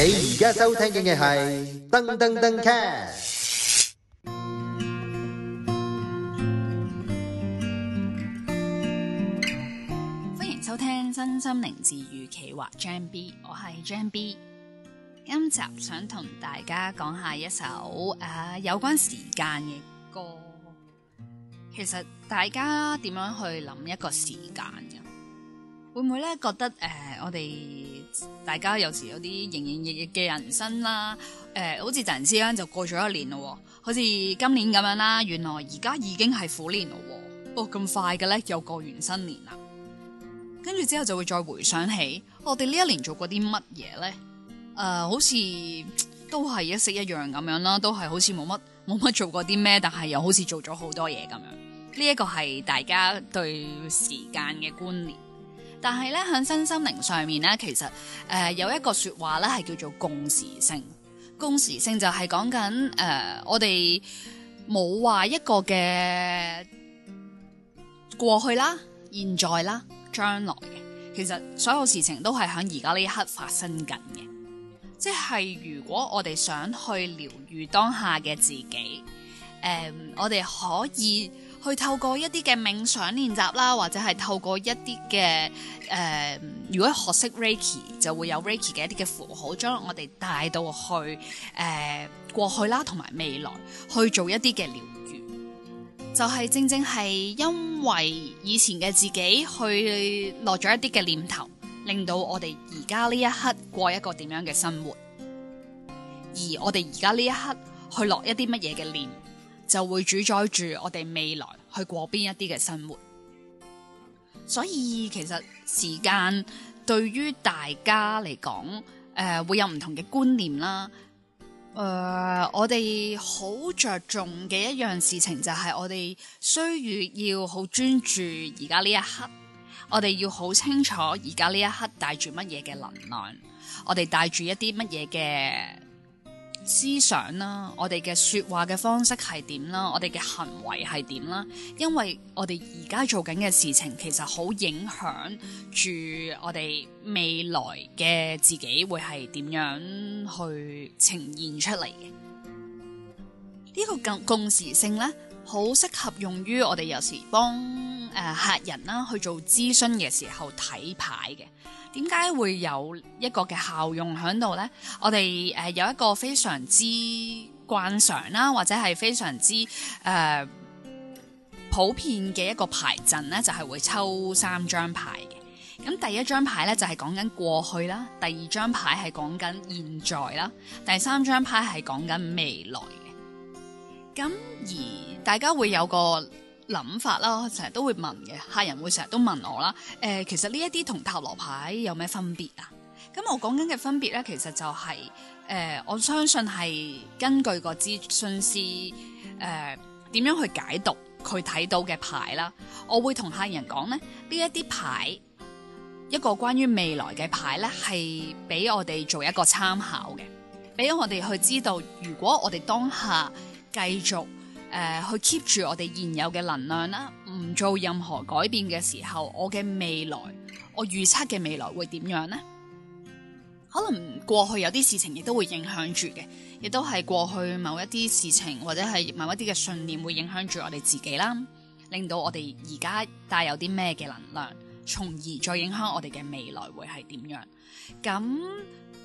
你而家收聽嘅係噔噔噔 cast。歡迎收聽《身心靈治癒企劃》Jam B，我係 Jam B。今集想同大家講下一首誒、啊、有關時間嘅歌。其實大家點樣去諗一個時間嘅？會唔會咧覺得誒、呃、我哋？大家有時有啲營營役役嘅人生啦，誒、呃，好似突然之間就過咗一年咯，好似今年咁樣啦。原來而家已經係虎年咯，哦咁快嘅咧，又過完新年啦。跟住之後就會再回想起我哋呢一年做過啲乜嘢咧？誒、呃，好似都係一式一樣咁樣啦，都係好似冇乜冇乜做過啲咩，但係又好似做咗好多嘢咁樣。呢、這、一個係大家對時間嘅觀念。但係咧，喺身心靈上面咧，其實誒、呃、有一個說話咧係叫做共時性。共時性就係講緊誒，我哋冇話一個嘅過去啦、現在啦、將來嘅。其實所有事情都係喺而家呢一刻發生緊嘅。即係如果我哋想去療愈當下嘅自己，誒、呃，我哋可以。去透過一啲嘅冥想練習啦，或者係透過一啲嘅誒，如果學識 Reiki 就會有 Reiki 嘅一啲嘅符號，將我哋帶到去誒、呃、過去啦，同埋未來去做一啲嘅療愈。就係、是、正正係因為以前嘅自己去落咗一啲嘅念頭，令到我哋而家呢一刻過一個點樣嘅生活，而我哋而家呢一刻去落一啲乜嘢嘅念，就會主宰住我哋未來去過邊一啲嘅生活，所以其實時間對於大家嚟講，誒、呃、會有唔同嘅觀念啦。誒、呃，我哋好着重嘅一樣事情就係我哋需要要好專注而家呢一刻，我哋要好清楚而家呢一刻帶住乜嘢嘅能量，我哋帶住一啲乜嘢嘅思想啦，我哋嘅說話嘅方式係點啦，我哋嘅行為係點啦，因為我哋而家做緊嘅事情，其實好影響住我哋未來嘅自己會係點樣去呈現出嚟嘅呢個共共時性咧。好適合用於我哋有時幫誒、呃、客人啦，去做諮詢嘅時候睇牌嘅。點解會有一個嘅效用響度咧？我哋誒、呃、有一個非常之慣常啦，或者係非常之誒、呃、普遍嘅一個牌陣咧，就係、是、會抽三張牌嘅。咁第一張牌咧就係、是、講緊過去啦，第二張牌係講緊現在啦，第三張牌係講緊未來。咁而大家會有個諗法啦，成日都會問嘅，客人會成日都問我啦。誒、呃，其實呢一啲同塔羅牌有咩分別啊？咁、嗯、我講緊嘅分別咧，其實就係、是、誒、呃，我相信係根據個諮詢師誒點樣去解讀佢睇到嘅牌啦。我會同客人講咧，呢一啲牌一個關於未來嘅牌咧，係俾我哋做一個參考嘅，俾我哋去知道如果我哋當下。繼續誒，去 keep 住我哋現有嘅能量啦，唔做任何改變嘅時候，我嘅未來，我預測嘅未來會點樣呢？可能過去有啲事情亦都會影響住嘅，亦都係過去某一啲事情，或者係某一啲嘅信念會影響住我哋自己啦，令到我哋而家帶有啲咩嘅能量？從而再影響我哋嘅未來會係點樣？咁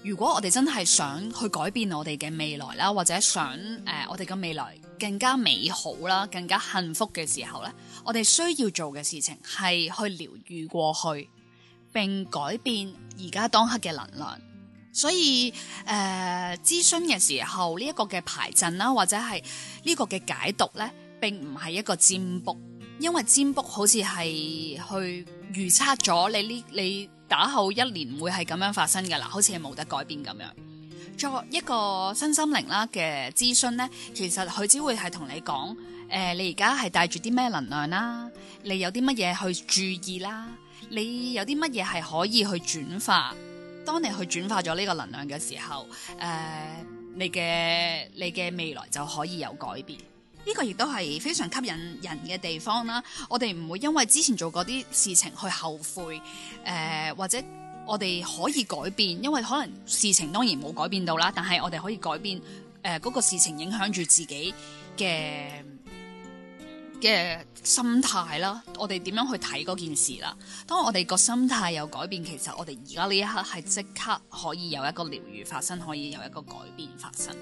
如果我哋真係想去改變我哋嘅未來啦，或者想誒、呃、我哋嘅未來更加美好啦，更加幸福嘅時候咧，我哋需要做嘅事情係去療癒過去，並改變而家當刻嘅能量。所以誒，諮詢嘅時候呢一、這個嘅排陣啦，或者係呢個嘅解讀咧，並唔係一個占卜。因為占卜好似係去預測咗你呢，你打後一年會係咁樣發生噶啦，好似係冇得改變咁樣。作一個身心靈啦嘅諮詢咧，其實佢只會係同你講，誒、呃，你而家係帶住啲咩能量啦，你有啲乜嘢去注意啦，你有啲乜嘢係可以去轉化。當你去轉化咗呢個能量嘅時候，誒、呃，你嘅你嘅未來就可以有改變。呢個亦都係非常吸引人嘅地方啦！我哋唔會因為之前做過啲事情去後悔，誒、呃、或者我哋可以改變，因為可能事情當然冇改變到啦，但係我哋可以改變誒嗰、呃嗰個事情影響住自己嘅。嘅心態啦，我哋點樣去睇嗰件事啦，當我哋個心態有改變，其實我哋而家呢一刻係即刻可以有一個療愈發生，可以有一個改變發生。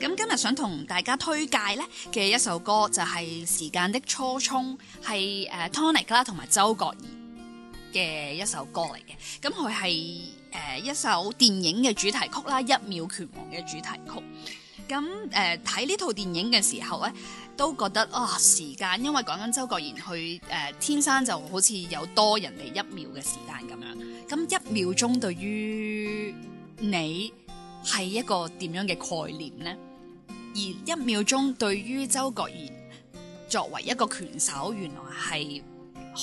咁今日想同大家推介呢嘅一首歌就係、是《時間的初衷》，係誒 Tonick 啦同埋周國賢嘅一首歌嚟嘅。咁佢係誒一首電影嘅主題曲啦，《一秒拳王》嘅主題曲。咁誒睇呢套電影嘅時候呢。都覺得啊，時間，因為講緊周國賢佢誒，天生就好似有多人哋一秒嘅時間咁樣。咁一秒鐘對於你係一個點樣嘅概念呢？而一秒鐘對於周國賢作為一個拳手，原來係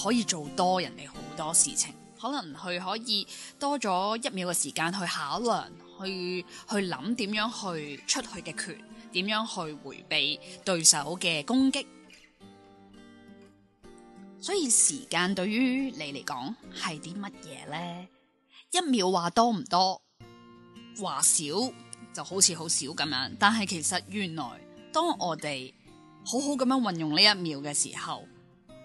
可以做多人哋好多事情。可能佢可以多咗一秒嘅時間去考量，去去諗點樣去出去嘅拳。點樣去回避對手嘅攻擊？所以時間對於你嚟講係啲乜嘢呢？一秒話多唔多？話少就好似好少咁樣。但係其實原來當我哋好好咁樣運用呢一秒嘅時候，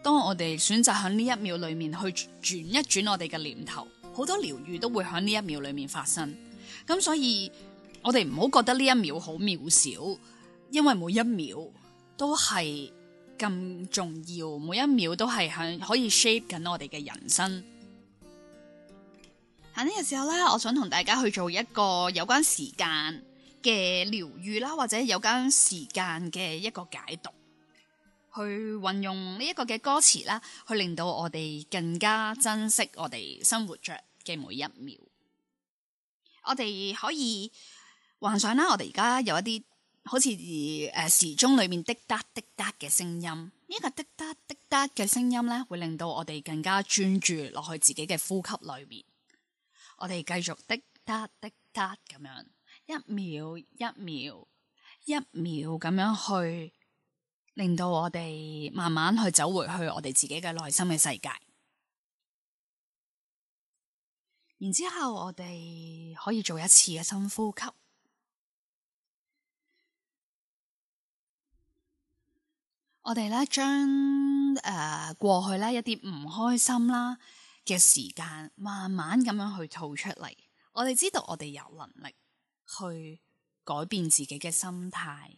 當我哋選擇喺呢一秒裏面去轉一轉我哋嘅念頭，好多療癒都會喺呢一秒裏面發生。咁所以。我哋唔好覺得呢一秒好渺小，因為每一秒都係咁重要，每一秒都係響可以 shape 緊我哋嘅人生。喺呢個時候咧，我想同大家去做一個有關時間嘅療癒啦，或者有關時間嘅一個解讀，去運用呢一個嘅歌詞啦，去令到我哋更加珍惜我哋生活着嘅每一秒。我哋可以。幻想啦，我哋而家有一啲好似誒、呃、時鐘裏面滴答滴答嘅聲音，呢個滴答滴答嘅聲音咧，會令到我哋更加專注落去自己嘅呼吸裏面。我哋繼續滴答滴答咁樣，一秒一秒一秒咁樣去，令到我哋慢慢去走回去我哋自己嘅內心嘅世界。然之後我哋可以做一次嘅深呼吸。我哋咧，將誒、呃、過去咧一啲唔開心啦嘅時間，慢慢咁樣去吐出嚟。我哋知道我哋有能力去改變自己嘅心態。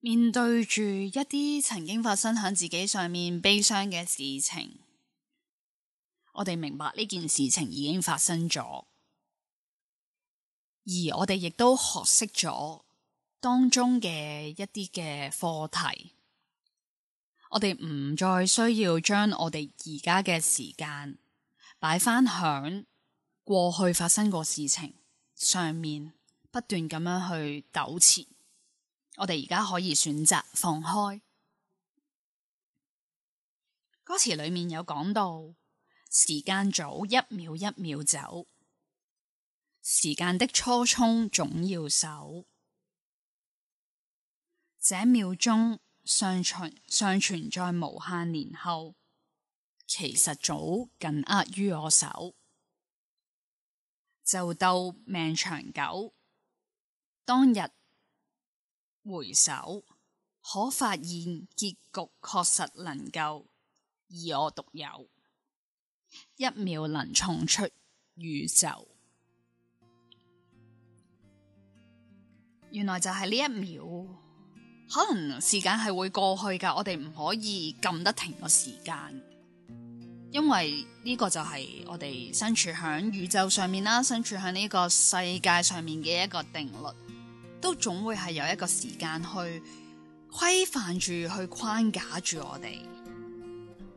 面對住一啲曾經發生喺自己上面悲傷嘅事情，我哋明白呢件事情已經發生咗，而我哋亦都學識咗。當中嘅一啲嘅課題，我哋唔再需要將我哋而家嘅時間擺翻響過去發生過事情上面，不斷咁樣去糾纏。我哋而家可以選擇放開。歌詞裏面有講到，時間早一秒一秒走，時間的初衷總要守。」這秒鐘尚存尚存在無限年後，其實早緊握於我手，就鬥命長久。當日回首，可發現結局確實能夠以我獨有一秒能重出宇宙，原來就係呢一秒。可能時間係會過去噶，我哋唔可以撳得停個時間，因為呢個就係我哋身處響宇宙上面啦，身處響呢個世界上面嘅一個定律，都總會係有一個時間去規範住、去框架住我哋。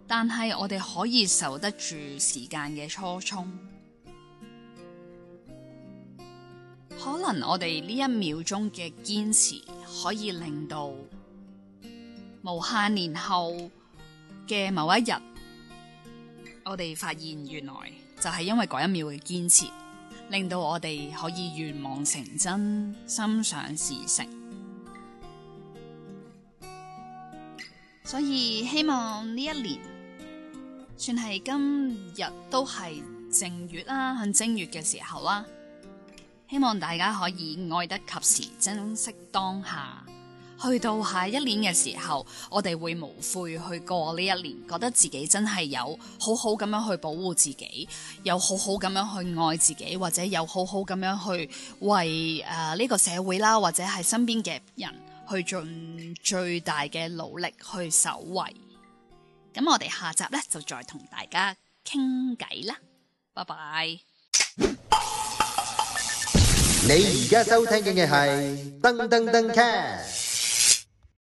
但係我哋可以受得住時間嘅初衷，可能我哋呢一秒鐘嘅堅持。可以令到無限年後嘅某一日，我哋發現原來就係因為嗰一秒嘅堅持，令到我哋可以願望成真，心想事成。所以希望呢一年，算係今日都係正月啦，啊，向正月嘅時候啦，啊。希望大家可以愛得及時，珍惜當下。去到下一年嘅時候，我哋會無悔去過呢一年，覺得自己真係有好好咁樣去保護自己，有好好咁樣去愛自己，或者有好好咁樣去為誒呢、呃呢個社會啦，或者係身邊嘅人去盡最大嘅努力去守衞。咁我哋下集咧就再同大家傾偈啦。拜拜。你而家收聽嘅係噔噔噔 cat。